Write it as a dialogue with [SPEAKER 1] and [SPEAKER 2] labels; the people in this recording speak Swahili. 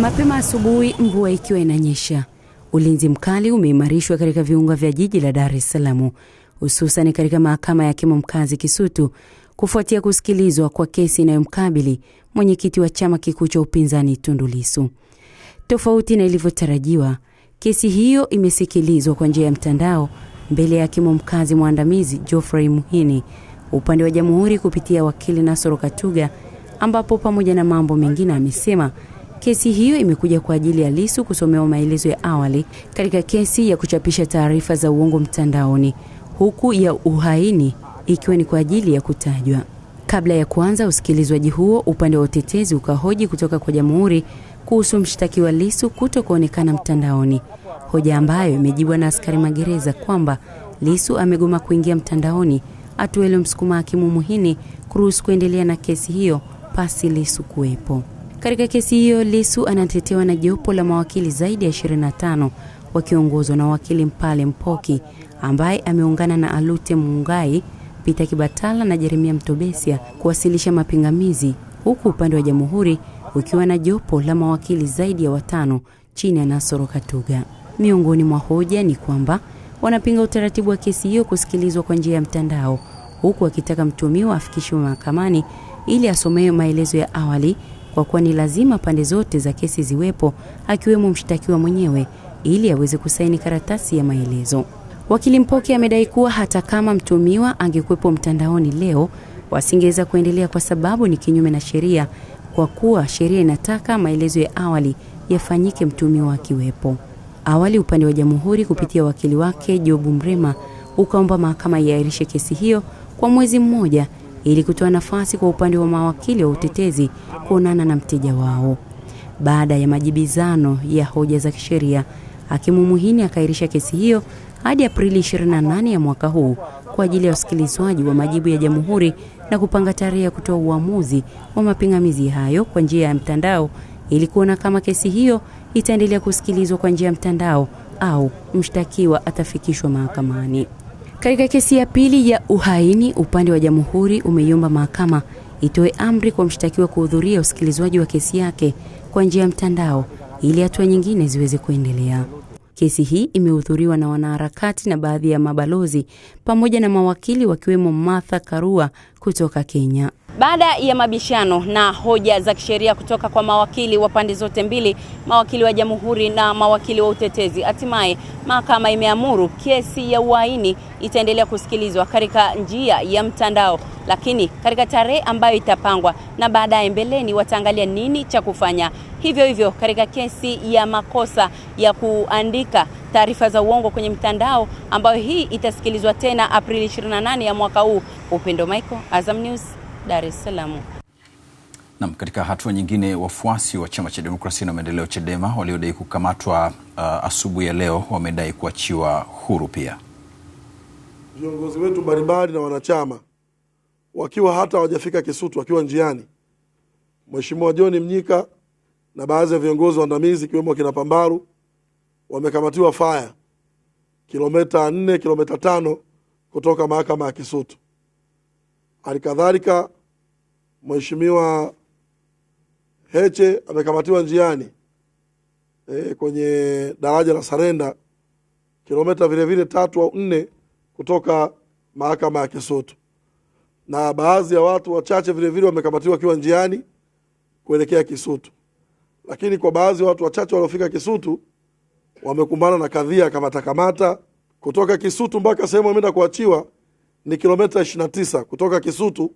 [SPEAKER 1] Mapema asubuhi, mvua ikiwa inanyesha, ulinzi mkali umeimarishwa katika viunga vya jiji la Dar es Salaam, hususan katika mahakama ya kimo mkazi Kisutu kufuatia kusikilizwa kwa kesi inayomkabili mwenyekiti wa chama kikuu cha upinzani tundulisu Tofauti na ilivyotarajiwa, kesi hiyo imesikilizwa kwa njia ya mtandao mbele ya kimo mkazi mwandamizi Geoffrey Muhini upande wa jamhuri kupitia wakili Nasoro Katuga, ambapo pamoja na mambo mengine amesema Kesi hiyo imekuja kwa ajili ya Lissu kusomewa maelezo ya awali katika kesi ya kuchapisha taarifa za uongo mtandaoni, huku ya uhaini ikiwa ni kwa ajili ya kutajwa. Kabla ya kuanza usikilizwaji huo, upande wa utetezi ukahoji kutoka kwa jamhuri kuhusu mshtakiwa Lissu kuto kuonekana mtandaoni, hoja ambayo imejibwa na askari magereza kwamba Lissu amegoma kuingia mtandaoni, Atuelo msukuma hakimu Muhini kuruhusu kuendelea na kesi hiyo pasi Lissu kuwepo. Katika kesi hiyo, Lisu anatetewa na jopo la mawakili zaidi ya 25 wakiongozwa na wakili Mpale Mpoki ambaye ameungana na Alute Mungai, Peter Kibatala na Jeremia Mtobesia kuwasilisha mapingamizi, huku upande wa jamhuri ukiwa na jopo la mawakili zaidi ya watano chini ya Nasoro Katuga. Miongoni mwa hoja ni kwamba wanapinga utaratibu wa kesi hiyo kusikilizwa kwa njia ya mtandao, huku akitaka mtumiwa afikishwe mahakamani ili asomewe maelezo ya awali kwa kuwa ni lazima pande zote za kesi ziwepo, akiwemo mshtakiwa mwenyewe ili aweze kusaini karatasi ya maelezo. Wakili Mpoke amedai kuwa hata kama mtumiwa angekuwepo mtandaoni leo, wasingeweza kuendelea kwa sababu ni kinyume na sheria, kwa kuwa sheria inataka maelezo ya awali yafanyike mtumiwa akiwepo. Awali upande wa Jamhuri kupitia wakili wake Jobu Mrema ukaomba mahakama iahirishe kesi hiyo kwa mwezi mmoja ili kutoa nafasi kwa upande wa mawakili wa utetezi kuonana na mteja wao. Baada ya majibizano ya hoja za kisheria, hakimu Muhini akairisha kesi hiyo hadi Aprili 28 ya mwaka huu kwa ajili ya usikilizwaji wa majibu ya jamhuri na kupanga tarehe ya kutoa uamuzi wa mapingamizi hayo kwa njia ya mtandao ili kuona kama kesi hiyo itaendelea kusikilizwa kwa njia ya mtandao au mshtakiwa atafikishwa mahakamani. Katika kesi ya pili ya uhaini, upande wa jamhuri umeiomba mahakama itoe amri kwa mshtakiwa kuhudhuria usikilizwaji wa kesi yake kwa njia ya mtandao ili hatua nyingine ziweze kuendelea. Kesi hii imehudhuriwa na wanaharakati na baadhi ya mabalozi pamoja na mawakili wakiwemo Martha Karua kutoka Kenya.
[SPEAKER 2] Baada ya mabishano na hoja za kisheria kutoka kwa mawakili wa pande zote mbili, mawakili wa jamhuri na mawakili wa utetezi, hatimaye mahakama imeamuru kesi ya uhaini itaendelea kusikilizwa katika njia ya mtandao, lakini katika tarehe ambayo itapangwa, na baadaye mbeleni wataangalia nini cha kufanya. Hivyo hivyo katika kesi ya makosa ya kuandika taarifa za uongo kwenye mtandao ambayo hii itasikilizwa tena Aprili 28 ya mwaka huu. Upendo Michael, Azam News. Dar es Salaam.
[SPEAKER 3] Nam, katika hatua nyingine, wafuasi wa chama cha demokrasia na maendeleo CHADEMA waliodai kukamatwa uh, asubuhi ya leo wamedai kuachiwa huru. Pia
[SPEAKER 4] viongozi wetu mbalimbali na wanachama wakiwa hata hawajafika Kisutu, wakiwa njiani, Mheshimiwa John Mnyika na baadhi ya viongozi waandamizi ikiwemo kina Pambaru wamekamatiwa Faya, kilomita nne kilomita tano kutoka mahakama ya Kisutu. Halikadhalika mweshimiwa Heche amekamatiwa njiani e, kwenye daraja la Sarenda kilometa vilevile tatu au nne kutoka mahakama ya Kisutu, na baadhi ya watu wachache vilevile wamekamatiwa wakiwa njiani kuelekea Kisutu, lakini kwa baadhi ya watu wachache waliofika Kisutu wamekumbana na kadhia kamatakamata kutoka Kisutu mpaka sehemu ameenda kuachiwa ni kilometa 29 kutoka Kisutu